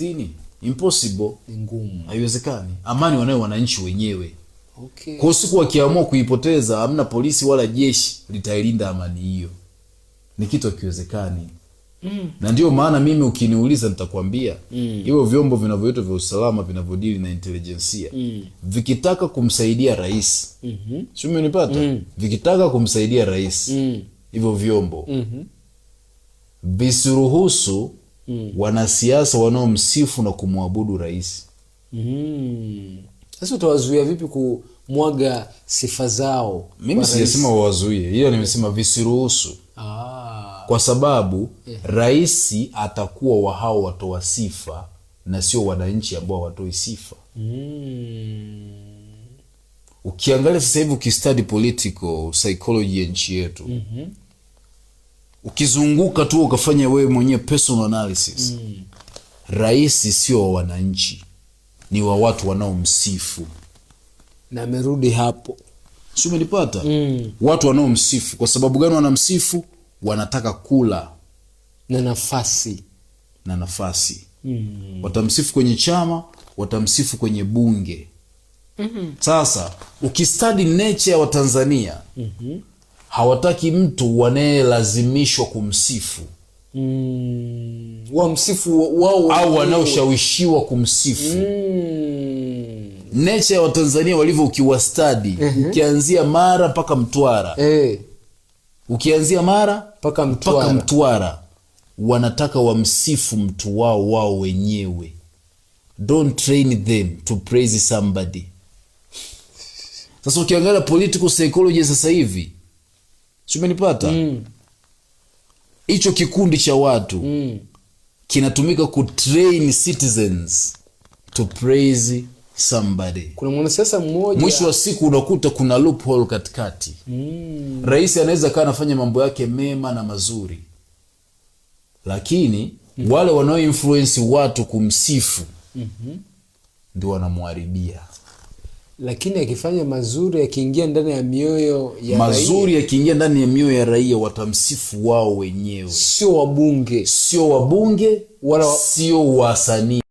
sitini. Impossible, ni ngumu, haiwezekani. Amani wanayo wananchi wenyewe. Okay. Kwa siku wakiamua kuipoteza, hamna polisi wala jeshi litailinda amani hiyo, ni kitu akiwezekani Mm. Na ndio maana mimi ukiniuliza nitakwambia mm. Hivyo vyombo vinavyoitwa vya usalama vinavyodili na intelijensia mm. vikitaka kumsaidia rais mm -hmm. sio mm. vikitaka kumsaidia rais mm. hivyo mm. vyombo mm -hmm. visiruhusu mm. wanasiasa wanaomsifu na kumwabudu rais mm-hmm. sasa mm. utawazuia vipi kumwaga sifa zao? Mimi sijasema wawazuie, hiyo nimesema visiruhusu. ah. kwa sababu yeah. raisi atakuwa wa hao watoa sifa na sio wananchi ambao watoi sifa mm. Ukiangalia sasa hivi ukistadi political psychology ya nchi yetu mm -hmm ukizunguka tu ukafanya wewe mwenyewe personal analysis mm. Rais sio wa wananchi, ni wa watu wanaomsifu na amerudi hapo, si umenipata? mm. Watu wanaomsifu kwa sababu gani wanamsifu? Wanataka kula na nafasi na nafasi mm. Watamsifu kwenye chama, watamsifu kwenye bunge mm -hmm. Sasa ukistadi nature ya Watanzania mm -hmm hawataki mtu wanayelazimishwa kumsifu mm, wamsifu wao au wanaoshawishiwa kumsifu mm. Necha ya Watanzania walivyo, ukiwastadi uh-huh. ukianzia Mara mpaka Mtwara hey. Eh. ukianzia Mara mpaka Mtwara, paka Mtwara wanataka wamsifu mtu wao wao wenyewe. Don't train them to praise somebody. Sasa ukiangalia political psychology sasa hivi simenipata mm. Hicho mm. kikundi cha watu mm. kinatumika kutrain citizens to praise mwisho wa siku unakuta kuna loophole katikati mm. Rais anaweza kaa anafanya mambo yake mema na mazuri, lakini mm. wale wanaoinfluensi watu kumsifu mm -hmm. ndio wanamwharibia lakini akifanya mazuri yakiingia ndani ya mioyo ya mazuri yakiingia ndani ya mioyo ya raia watamsifu wao wenyewe, sio wabunge, sio wabunge wala sio wasanii.